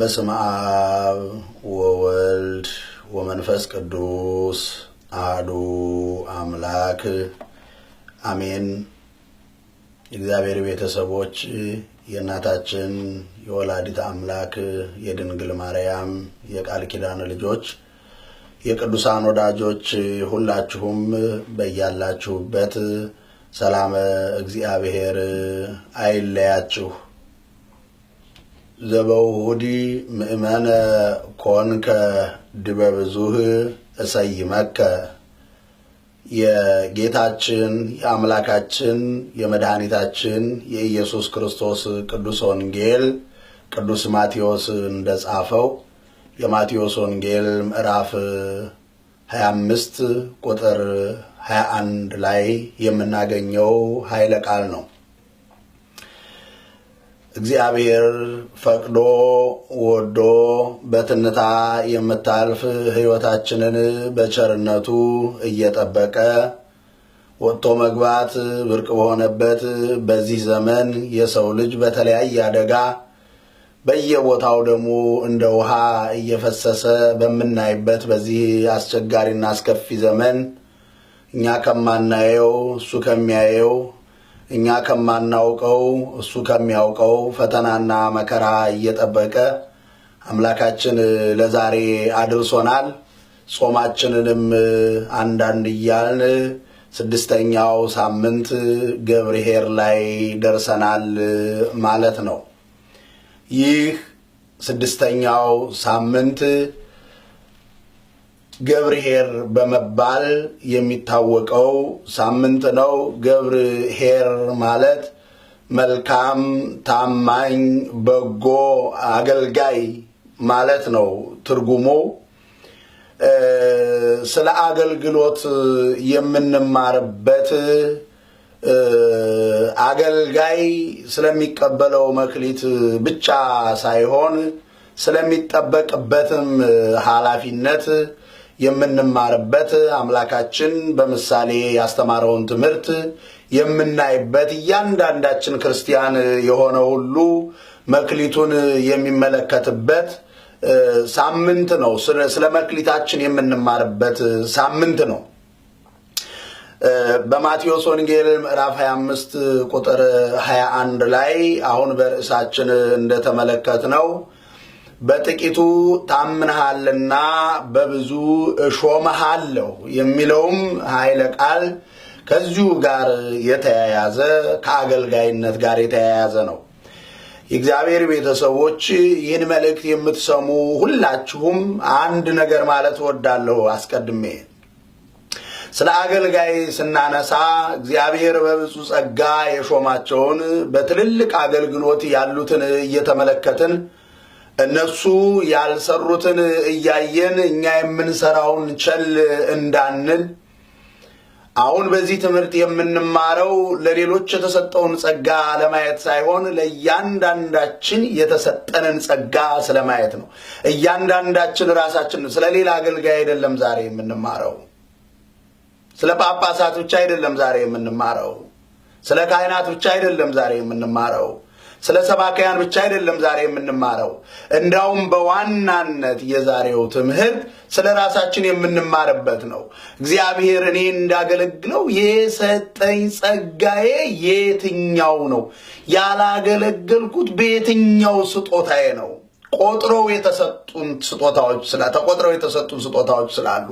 በስመ አብ ወወልድ ወመንፈስ ቅዱስ አሐዱ አምላክ አሜን። የእግዚአብሔር ቤተሰቦች የእናታችን የወላዲት አምላክ የድንግል ማርያም የቃል ኪዳን ልጆች የቅዱሳን ወዳጆች ሁላችሁም በያላችሁበት ሰላም እግዚአብሔር አይለያችሁ። ዘበውሁዲ ምእመነ ኮንከ ድበ ብዙህ እሰይመከ የጌታችን የአምላካችን የመድኃኒታችን የኢየሱስ ክርስቶስ ቅዱስ ወንጌል ቅዱስ ማቴዎስ እንደጻፈው የማቴዎስ ወንጌል ምዕራፍ 25 ቁጥር 21 ላይ የምናገኘው ኃይለ ቃል ነው። እግዚአብሔር ፈቅዶ ወዶ በትንታ የምታልፍ ሕይወታችንን በቸርነቱ እየጠበቀ ወጥቶ መግባት ብርቅ በሆነበት በዚህ ዘመን የሰው ልጅ በተለያየ አደጋ በየቦታው ደግሞ እንደ ውሃ እየፈሰሰ በምናይበት በዚህ አስቸጋሪና አስከፊ ዘመን እኛ ከማናየው እሱ ከሚያየው እኛ ከማናውቀው እሱ ከሚያውቀው ፈተናና መከራ እየጠበቀ አምላካችን ለዛሬ አድርሶናል። ጾማችንንም አንዳንድ እያልን ስድስተኛው ሳምንት ገብርሄር ላይ ደርሰናል ማለት ነው። ይህ ስድስተኛው ሳምንት ገብርሄር በመባል የሚታወቀው ሳምንት ነው። ገብርሄር ማለት መልካም፣ ታማኝ፣ በጎ አገልጋይ ማለት ነው ትርጉሙ። ስለ አገልግሎት የምንማርበት አገልጋይ ስለሚቀበለው መክሊት ብቻ ሳይሆን ስለሚጠበቅበትም ኃላፊነት የምንማርበት አምላካችን በምሳሌ ያስተማረውን ትምህርት የምናይበት እያንዳንዳችን ክርስቲያን የሆነ ሁሉ መክሊቱን የሚመለከትበት ሳምንት ነው። ስለ መክሊታችን የምንማርበት ሳምንት ነው። በማቴዎስ ወንጌል ምዕራፍ 25 ቁጥር 21 ላይ አሁን በርዕሳችን ነው። በጥቂቱ ታምንሃልና በብዙ እሾመሃለሁ የሚለውም ኃይለ ቃል ከዚሁ ጋር የተያያዘ ከአገልጋይነት ጋር የተያያዘ ነው። የእግዚአብሔር ቤተሰቦች ይህን መልእክት የምትሰሙ ሁላችሁም አንድ ነገር ማለት እወዳለሁ። አስቀድሜ ስለ አገልጋይ ስናነሳ እግዚአብሔር በብዙ ጸጋ የሾማቸውን በትልልቅ አገልግሎት ያሉትን እየተመለከትን እነሱ ያልሰሩትን እያየን እኛ የምንሰራውን ቸል እንዳንል አሁን በዚህ ትምህርት የምንማረው ለሌሎች የተሰጠውን ጸጋ ለማየት ሳይሆን ለእያንዳንዳችን የተሰጠንን ጸጋ ስለማየት ነው። እያንዳንዳችን ራሳችን ስለ ሌላ አገልጋይ አይደለም ዛሬ የምንማረው። ስለ ጳጳሳት ብቻ አይደለም ዛሬ የምንማረው። ስለ ካህናት ብቻ አይደለም ዛሬ የምንማረው። ስለ ሰባካያን ብቻ አይደለም ዛሬ የምንማረው። እንዳውም በዋናነት የዛሬው ትምህርት ስለ ራሳችን የምንማርበት ነው። እግዚአብሔር እኔ እንዳገለግለው የሰጠኝ ጸጋዬ የትኛው ነው? ያላገለገልኩት በየትኛው ስጦታዬ ነው? ቆጥረው የተሰጡን ስጦታዎች ተቆጥረው የተሰጡን ስጦታዎች ስላሉ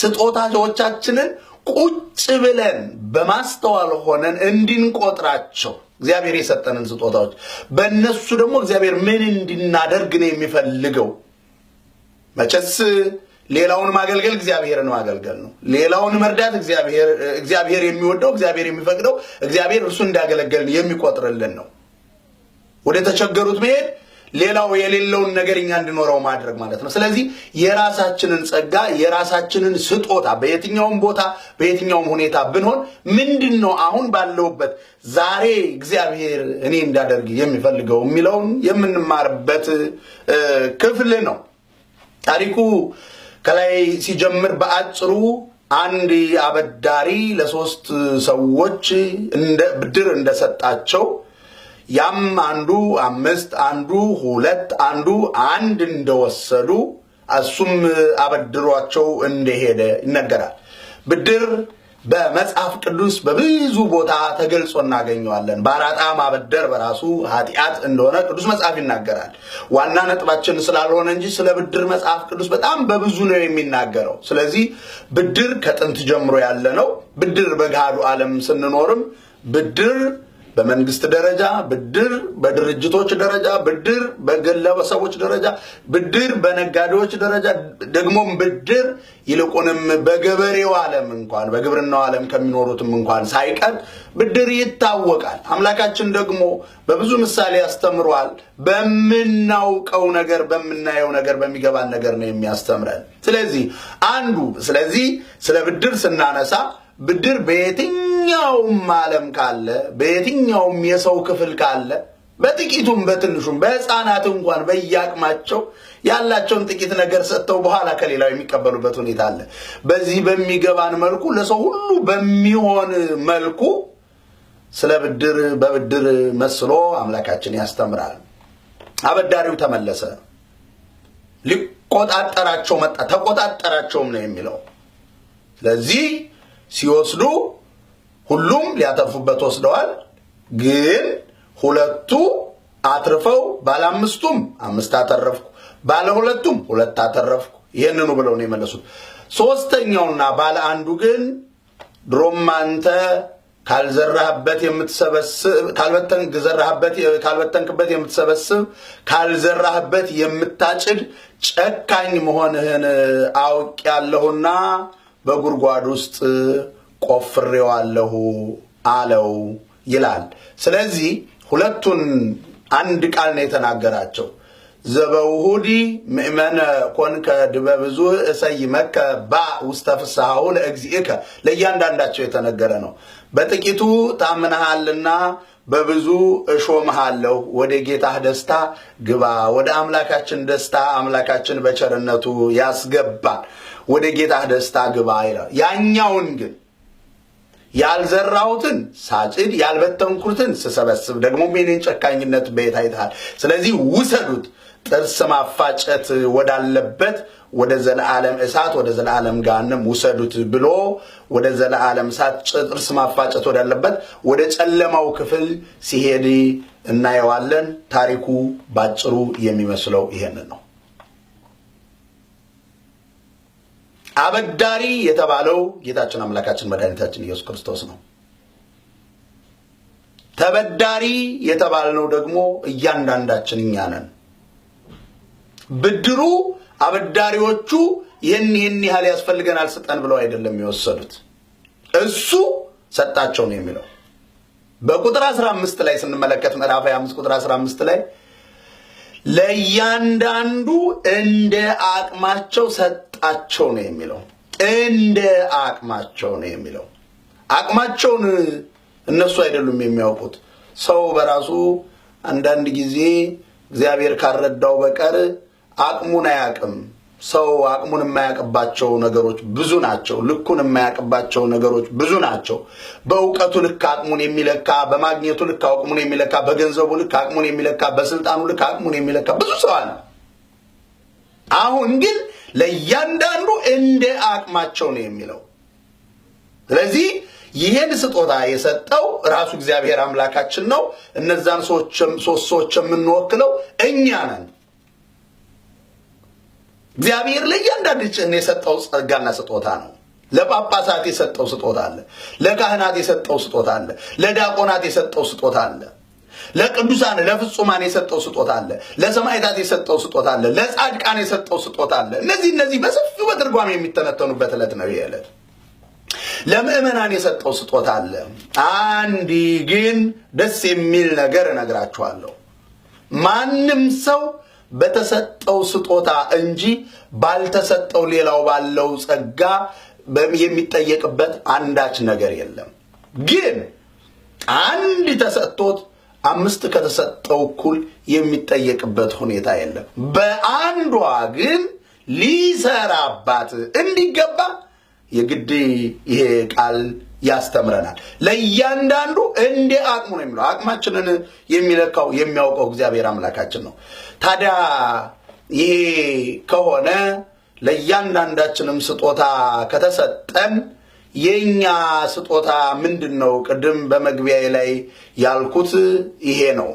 ስጦታዎቻችንን ቁጭ ብለን በማስተዋል ሆነን እንድንቆጥራቸው እግዚአብሔር የሰጠንን ስጦታዎች በእነሱ ደግሞ እግዚአብሔር ምን እንድናደርግ ነው የሚፈልገው? መቼስ ሌላውን ማገልገል እግዚአብሔርን ማገልገል ነው። ሌላውን መርዳት እግዚአብሔር የሚወደው እግዚአብሔር የሚፈቅደው እግዚአብሔር እርሱ እንዳገለገልን የሚቆጥርልን ነው። ወደ ተቸገሩት መሄድ ሌላው የሌለውን ነገር እኛ እንዲኖረው ማድረግ ማለት ነው። ስለዚህ የራሳችንን ጸጋ የራሳችንን ስጦታ በየትኛውም ቦታ በየትኛውም ሁኔታ ብንሆን ምንድን ነው አሁን ባለውበት ዛሬ እግዚአብሔር እኔ እንዳደርግ የሚፈልገው የሚለውን የምንማርበት ክፍል ነው። ታሪኩ ከላይ ሲጀምር በአጭሩ አንድ አበዳሪ ለሶስት ሰዎች ብድር እንደሰጣቸው ያም አንዱ አምስት አንዱ ሁለት አንዱ አንድ እንደወሰዱ እሱም አበድሯቸው እንደሄደ ይነገራል። ብድር በመጽሐፍ ቅዱስ በብዙ ቦታ ተገልጾ እናገኘዋለን። በአራጣ ማበደር በራሱ ኃጢአት እንደሆነ ቅዱስ መጽሐፍ ይናገራል። ዋና ነጥባችን ስላልሆነ እንጂ ስለ ብድር መጽሐፍ ቅዱስ በጣም በብዙ ነው የሚናገረው። ስለዚህ ብድር ከጥንት ጀምሮ ያለ ነው። ብድር በገሃዱ ዓለም ስንኖርም ብድር በመንግስት ደረጃ ብድር፣ በድርጅቶች ደረጃ ብድር፣ በግለሰቦች ደረጃ ብድር፣ በነጋዴዎች ደረጃ ደግሞም ብድር፣ ይልቁንም በገበሬው ዓለም እንኳን በግብርናው ዓለም ከሚኖሩትም እንኳን ሳይቀር ብድር ይታወቃል። አምላካችን ደግሞ በብዙ ምሳሌ ያስተምሯል። በምናውቀው ነገር፣ በምናየው ነገር፣ በሚገባን ነገር ነው የሚያስተምረን። ስለዚህ አንዱ ስለዚህ ስለ ብድር ስናነሳ ብድር በየትኛውም ዓለም ካለ በየትኛውም የሰው ክፍል ካለ በጥቂቱም በትንሹም በህፃናት እንኳን በየአቅማቸው ያላቸውን ጥቂት ነገር ሰጥተው በኋላ ከሌላው የሚቀበሉበት ሁኔታ አለ። በዚህ በሚገባን መልኩ ለሰው ሁሉ በሚሆን መልኩ ስለ ብድር በብድር መስሎ አምላካችን ያስተምራል። አበዳሪው ተመለሰ፣ ሊቆጣጠራቸው መጣ፣ ተቆጣጠራቸውም ነው የሚለው ስለዚህ ሲወስዱ ሁሉም ሊያተርፉበት ወስደዋል። ግን ሁለቱ አትርፈው ባለ አምስቱም አምስት አተረፍኩ፣ ባለሁለቱም ሁለት አተረፍኩ ይህንኑ ብለው ነው የመለሱት። ሶስተኛውና ባለ አንዱ ግን ድሮም አንተ ካልዘራህበት የምትሰበስብ ካልበተንክበት የምትሰበስብ ካልዘራህበት የምታጭድ ጨካኝ መሆንህን አውቅ ያለሁና በጉድጓድ ውስጥ ቆፍሬዋለሁ አለው ይላል። ስለዚህ ሁለቱን አንድ ቃል ነው የተናገራቸው። ዘበውሁዲ ምእመነ ኮንከ ድበ ብዙ እሰይ መከ ባ ውስተ ፍስሐሁ ለእግዚእከ ለእያንዳንዳቸው የተነገረ ነው። በጥቂቱ ታምነሃልና በብዙ እሾምሃለሁ፣ ወደ ጌታህ ደስታ ግባ፣ ወደ አምላካችን ደስታ አምላካችን በቸርነቱ ያስገባል። ወደ ጌታህ ደስታ ግባ ይላል። ያኛውን ግን ያልዘራሁትን ሳጭድ ያልበተንኩትን ስሰበስብ፣ ደግሞ የእኔን ጨካኝነት በየት አይተሃል? ስለዚህ ውሰዱት፣ ጥርስ ማፋጨት ወዳለበት ወደ ዘለዓለም እሳት ወደ ዘለዓለም ጋንም ውሰዱት ብሎ ወደ ዘለዓለም እሳት ጥርስ ማፋጨት ወዳለበት ወደ ጨለማው ክፍል ሲሄድ እናየዋለን። ታሪኩ ባጭሩ የሚመስለው ይሄንን ነው። አበዳሪ የተባለው ጌታችን አምላካችን መድኃኒታችን ኢየሱስ ክርስቶስ ነው። ተበዳሪ የተባልነው ደግሞ እያንዳንዳችን እኛ ነን። ብድሩ አበዳሪዎቹ ይህን ይህን ያህል ያስፈልገናል ስጠን ብለው አይደለም የወሰዱት፣ እሱ ሰጣቸው ነው የሚለው። በቁጥር 15 ላይ ስንመለከት ምዕራፍ 25 ቁጥር 15 ላይ ለእያንዳንዱ እንደ አቅማቸው ሰጣቸው ነው የሚለው። እንደ አቅማቸው ነው የሚለው። አቅማቸውን እነሱ አይደሉም የሚያውቁት። ሰው በራሱ አንዳንድ ጊዜ እግዚአብሔር ካልረዳው በቀር አቅሙን አያውቅም። ሰው አቅሙን የማያውቅባቸው ነገሮች ብዙ ናቸው። ልኩን የማያውቅባቸው ነገሮች ብዙ ናቸው። በእውቀቱ ልክ አቅሙን የሚለካ በማግኘቱ ልክ አቅሙን የሚለካ በገንዘቡ ልክ አቅሙን የሚለካ በስልጣኑ ልክ አቅሙን የሚለካ ብዙ ሰው አለ። አሁን ግን ለእያንዳንዱ እንደ አቅማቸው ነው የሚለው። ስለዚህ ይሄን ስጦታ የሰጠው ራሱ እግዚአብሔር አምላካችን ነው። እነዛን ሶስት ሰዎች የምንወክለው እኛ ነን። እግዚአብሔር ለእያንዳንድ ጭን የሰጠው ጸጋና ስጦታ ነው። ለጳጳሳት የሰጠው ስጦታ አለ። ለካህናት የሰጠው ስጦታ አለ። ለዲያቆናት የሰጠው ስጦታ አለ። ለቅዱሳን ለፍጹማን የሰጠው ስጦታ አለ። ለሰማዕታት የሰጠው ስጦታ አለ። ለጻድቃን የሰጠው ስጦታ አለ። እነዚህ እነዚህ በሰፊው በትርጓሜ የሚተነተኑበት ዕለት ነው። ይህ ዕለት ለምእመናን የሰጠው ስጦታ አለ። አንድ ግን ደስ የሚል ነገር እነግራችኋለሁ። ማንም ሰው በተሰጠው ስጦታ እንጂ ባልተሰጠው ሌላው ባለው ጸጋ የሚጠየቅበት አንዳች ነገር የለም። ግን አንድ ተሰጥቶት አምስት ከተሰጠው እኩል የሚጠየቅበት ሁኔታ የለም። በአንዷ ግን ሊሰራባት እንዲገባ የግድ ይሄ ቃል ያስተምረናል። ለእያንዳንዱ እንደ አቅሙ ነው የሚለው አቅማችንን የሚለካው የሚያውቀው እግዚአብሔር አምላካችን ነው። ታዲያ ይሄ ከሆነ ለእያንዳንዳችንም ስጦታ ከተሰጠን የእኛ ስጦታ ምንድን ነው? ቅድም በመግቢያ ላይ ያልኩት ይሄ ነው።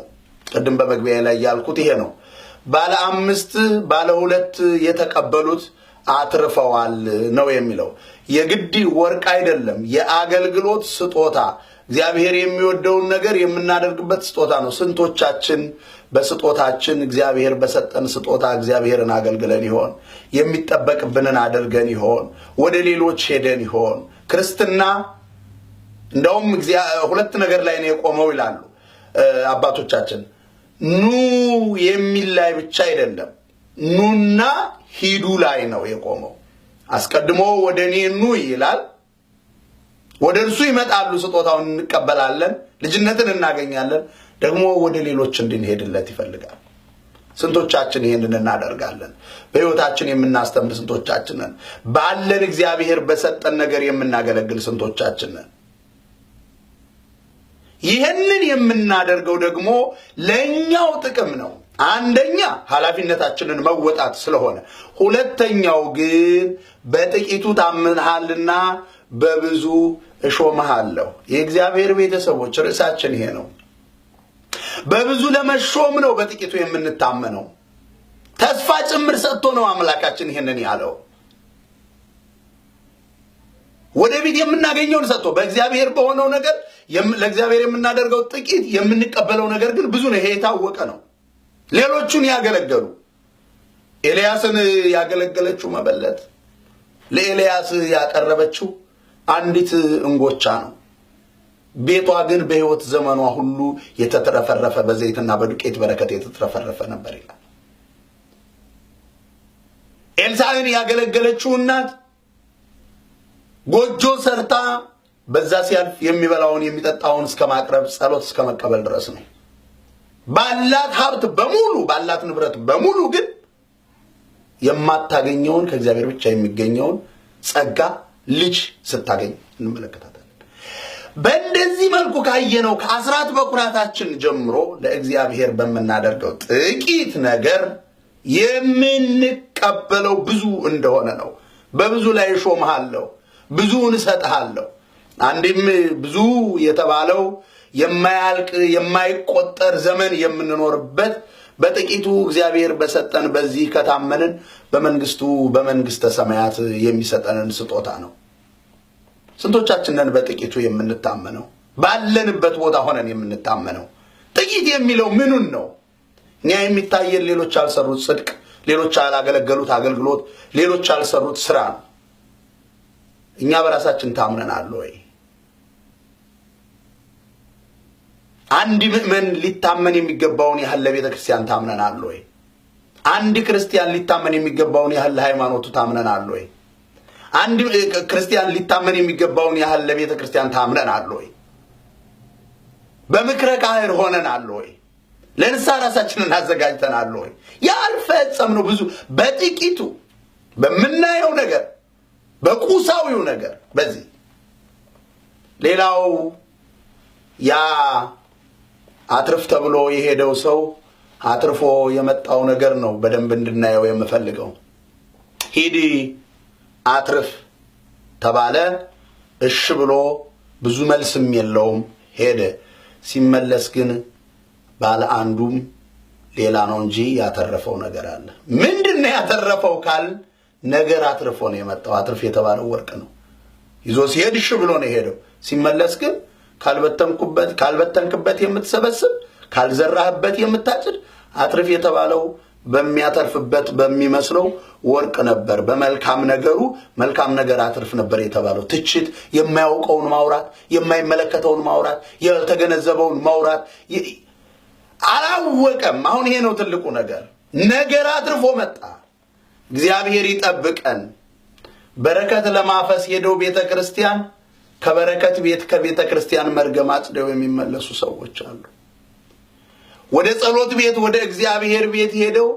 ቅድም በመግቢያ ላይ ያልኩት ይሄ ነው። ባለ አምስት ባለ ሁለት የተቀበሉት አትርፈዋል ነው የሚለው። የግድ ወርቅ አይደለም፣ የአገልግሎት ስጦታ እግዚአብሔር የሚወደውን ነገር የምናደርግበት ስጦታ ነው። ስንቶቻችን በስጦታችን እግዚአብሔር በሰጠን ስጦታ እግዚአብሔርን አገልግለን ይሆን? የሚጠበቅብንን አድርገን ይሆን? ወደ ሌሎች ሄደን ይሆን? ክርስትና እንደውም ሁለት ነገር ላይ ነው የቆመው ይላሉ አባቶቻችን። ኑ የሚል ላይ ብቻ አይደለም ኑና ሂዱ ላይ ነው የቆመው። አስቀድሞ ወደ እኔ ኑ ይላል። ወደ እርሱ ይመጣሉ፣ ስጦታውን እንቀበላለን፣ ልጅነትን እናገኛለን። ደግሞ ወደ ሌሎች እንድንሄድለት ይፈልጋል። ስንቶቻችን ይህንን እናደርጋለን? በሕይወታችን የምናስተምር ስንቶቻችንን ባለን እግዚአብሔር በሰጠን ነገር የምናገለግል ስንቶቻችንን ይህንን የምናደርገው ደግሞ ለእኛው ጥቅም ነው። አንደኛ ኃላፊነታችንን መወጣት ስለሆነ፣ ሁለተኛው ግን በጥቂቱ ታምንሃልና በብዙ እሾምሃለሁ። የእግዚአብሔር ቤተሰቦች ርዕሳችን ይሄ ነው። በብዙ ለመሾም ነው በጥቂቱ የምንታመነው። ተስፋ ጭምር ሰጥቶ ነው አምላካችን ይሄንን ያለው። ወደፊት የምናገኘውን ሰጥቶ በእግዚአብሔር በሆነው ነገር ለእግዚአብሔር የምናደርገው ጥቂት፣ የምንቀበለው ነገር ግን ብዙ ነው። ይሄ የታወቀ ነው። ሌሎቹን ያገለገሉ ኤልያስን ያገለገለችው መበለት ለኤልያስ ያቀረበችው አንዲት እንጎቻ ነው። ቤቷ ግን በሕይወት ዘመኗ ሁሉ የተትረፈረፈ በዘይትና በዱቄት በረከት የተትረፈረፈ ነበር ይላል። ኤልሳዕን ያገለገለችው እናት ጎጆ ሰርታ በዛ ሲያልፍ የሚበላውን የሚጠጣውን እስከ ማቅረብ ጸሎት እስከ መቀበል ድረስ ነው። ባላት ሀብት በሙሉ ባላት ንብረት በሙሉ ግን የማታገኘውን ከእግዚአብሔር ብቻ የሚገኘውን ጸጋ ልጅ ስታገኝ እንመለከታለን። በእንደዚህ መልኩ ካየነው ከአስራት በኩራታችን ጀምሮ ለእግዚአብሔር በምናደርገው ጥቂት ነገር የምንቀበለው ብዙ እንደሆነ ነው። በብዙ ላይ ሾምሃለሁ፣ ብዙውን እሰጥሃለሁ። አንዴም ብዙ የተባለው የማያልቅ የማይቆጠር ዘመን የምንኖርበት በጥቂቱ እግዚአብሔር በሰጠን በዚህ ከታመንን በመንግስቱ በመንግስተ ሰማያት የሚሰጠንን ስጦታ ነው። ስንቶቻችንን በጥቂቱ የምንታመነው ባለንበት ቦታ ሆነን የምንታመነው? ጥቂት የሚለው ምኑን ነው? እኛ የሚታየን ሌሎች ያልሰሩት ጽድቅ፣ ሌሎች ያላገለገሉት አገልግሎት፣ ሌሎች ያልሰሩት ስራ ነው። እኛ በራሳችን አለ ወይ? አንድ ምእመን ሊታመን የሚገባውን ያህል ለቤተ ክርስቲያን ታምነናል ወይ? አንድ ክርስቲያን ሊታመን የሚገባውን ያህል ለሃይማኖቱ ታምነናል ወይ? አንድ ክርስቲያን ሊታመን የሚገባውን ያህል ለቤተ ክርስቲያን ታምነናል ወይ? በምክረ ካህን ሆነናል ወይ? ለንሳ ራሳችንን አዘጋጅተናል ወይ? ያልፈጸምነው ብዙ በጥቂቱ በምናየው ነገር በቁሳዊው ነገር በዚህ ሌላው ያ አትርፍ ተብሎ የሄደው ሰው አትርፎ የመጣው ነገር ነው በደንብ እንድናየው የምፈልገው። ሂድ አትርፍ ተባለ። እሽ ብሎ ብዙ መልስም የለውም ሄደ። ሲመለስ ግን ባለ አንዱም ሌላ ነው እንጂ ያተረፈው ነገር አለ። ምንድን ያተረፈው ካል ነገር አትርፎ ነው የመጣው። አትርፍ የተባለው ወርቅ ነው። ይዞ ሲሄድ እሽ ብሎ ነው የሄደው። ሲመለስ ግን ካልበተንክበት የምትሰበስብ ካልዘራህበት የምታጭድ አትርፍ የተባለው በሚያተርፍበት በሚመስለው ወርቅ ነበር። በመልካም ነገሩ መልካም ነገር አትርፍ ነበር የተባለው። ትችት፣ የማያውቀውን ማውራት፣ የማይመለከተውን ማውራት፣ ያልተገነዘበውን ማውራት አላወቀም። አሁን ይሄ ነው ትልቁ ነገር። ነገር አትርፎ መጣ። እግዚአብሔር ይጠብቀን። በረከት ለማፈስ ሄደው ቤተ ክርስቲያን ከበረከት ቤት ከቤተ ክርስቲያን መርገም አጽደው የሚመለሱ ሰዎች አሉ። ወደ ጸሎት ቤት ወደ እግዚአብሔር ቤት ሄደው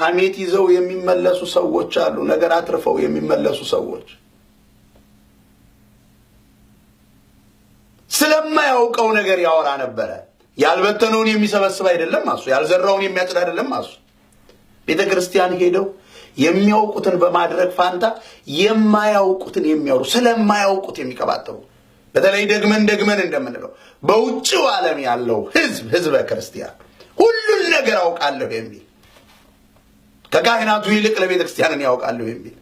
ሐሜት ይዘው የሚመለሱ ሰዎች አሉ። ነገር አትርፈው የሚመለሱ ሰዎች ስለማያውቀው ነገር ያወራ ነበረ። ያልበተነውን የሚሰበስብ አይደለም አሱ፣ ያልዘራውን የሚያጭድ አይደለም አሱ። ቤተ ክርስቲያን ሄደው የሚያውቁትን በማድረግ ፋንታ የማያውቁትን የሚያወሩ ስለማያውቁት የሚቀባጠሩ በተለይ ደግመን ደግመን እንደምንለው በውጭው ዓለም ያለው ህዝብ ህዝበ ክርስቲያን ሁሉን ነገር አውቃለሁ የሚል ከካህናቱ ይልቅ ለቤተ ክርስቲያንን ያውቃለሁ የሚል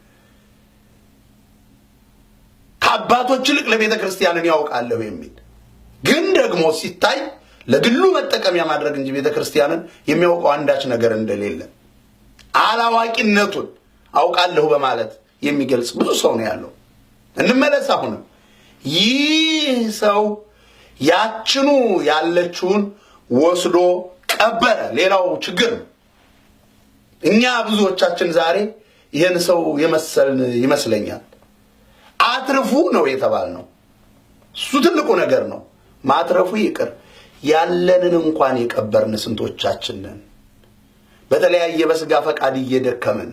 ከአባቶች ይልቅ ለቤተ ክርስቲያንን ያውቃለሁ የሚል ግን ደግሞ ሲታይ ለግሉ መጠቀሚያ ማድረግ እንጂ ቤተ ክርስቲያንን የሚያውቀው አንዳች ነገር እንደሌለን አላዋቂነቱን አውቃለሁ በማለት የሚገልጽ ብዙ ሰው ነው ያለው። እንመለስ። አሁንም ይህ ሰው ያችኑ ያለችውን ወስዶ ቀበረ። ሌላው ችግር እኛ ብዙዎቻችን ዛሬ ይህን ሰው የመሰልን ይመስለኛል። አትርፉ ነው የተባልነው። እሱ ትልቁ ነገር ነው። ማትረፉ ይቅር ያለንን እንኳን የቀበርን ስንቶቻችንን በተለያየ በስጋ ፈቃድ እየደከምን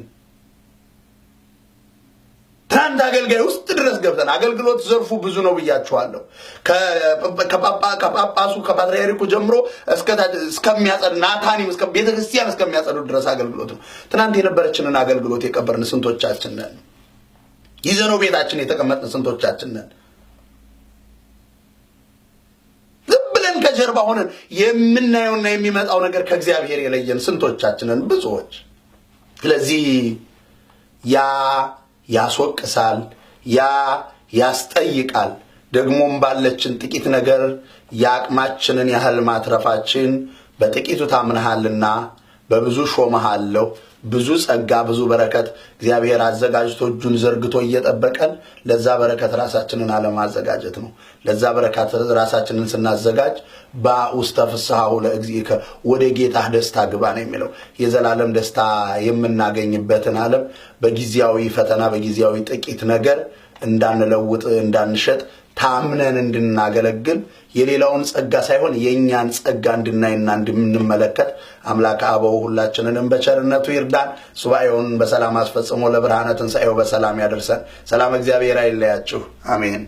ትናንት አገልጋይ ውስጥ ድረስ ገብተን አገልግሎት ዘርፉ ብዙ ነው ብያችኋለሁ። ከጳጳሱ ከፓትርያርኩ ጀምሮ እስከሚያጸድ ናታኒም እስከ ቤተክርስቲያን እስከሚያጸዱ ድረስ አገልግሎት ነው። ትናንት የነበረችንን አገልግሎት የቀበርን ስንቶቻችን ነን? ይዘነው ቤታችን የተቀመጥን ስንቶቻችን ነን? ጀርባ ሆነን የምናየውና የሚመጣው ነገር ከእግዚአብሔር የለየን ስንቶቻችንን ብዙዎች። ስለዚህ ያ ያስወቅሳል፣ ያ ያስጠይቃል። ደግሞም ባለችን ጥቂት ነገር የአቅማችንን ያህል ማትረፋችን በጥቂቱ ታምንሃልና በብዙ ሾመሃለሁ ብዙ ጸጋ ብዙ በረከት እግዚአብሔር አዘጋጅቶ እጁን ዘርግቶ እየጠበቀን ለዛ በረከት ራሳችንን አለማዘጋጀት ነው። ለዛ በረከት ራሳችንን ስናዘጋጅ በውስተ ፍስሐሁ ለእግዚእከ ወደ ጌታህ ደስታ ግባ ነው የሚለው። የዘላለም ደስታ የምናገኝበትን ዓለም በጊዜያዊ ፈተና በጊዜያዊ ጥቂት ነገር እንዳንለውጥ፣ እንዳንሸጥ ታምነን እንድናገለግል የሌላውን ጸጋ ሳይሆን የእኛን ጸጋ እንድናይና እንድንመለከት አምላክ አበው ሁላችንንም በቸርነቱ ይርዳን። ሱባኤውን በሰላም አስፈጽሞ ለብርሃነ ትንሣኤው በሰላም ያደርሰን። ሰላም እግዚአብሔር አይለያችሁ። አሜን።